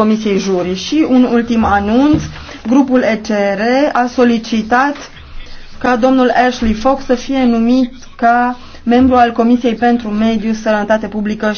Comisiei Juri. Și un ultim anunț, grupul ECR a solicitat ca domnul Ashley Fox să fie numit ca membru al Comisiei pentru Mediu, Sănătate Publică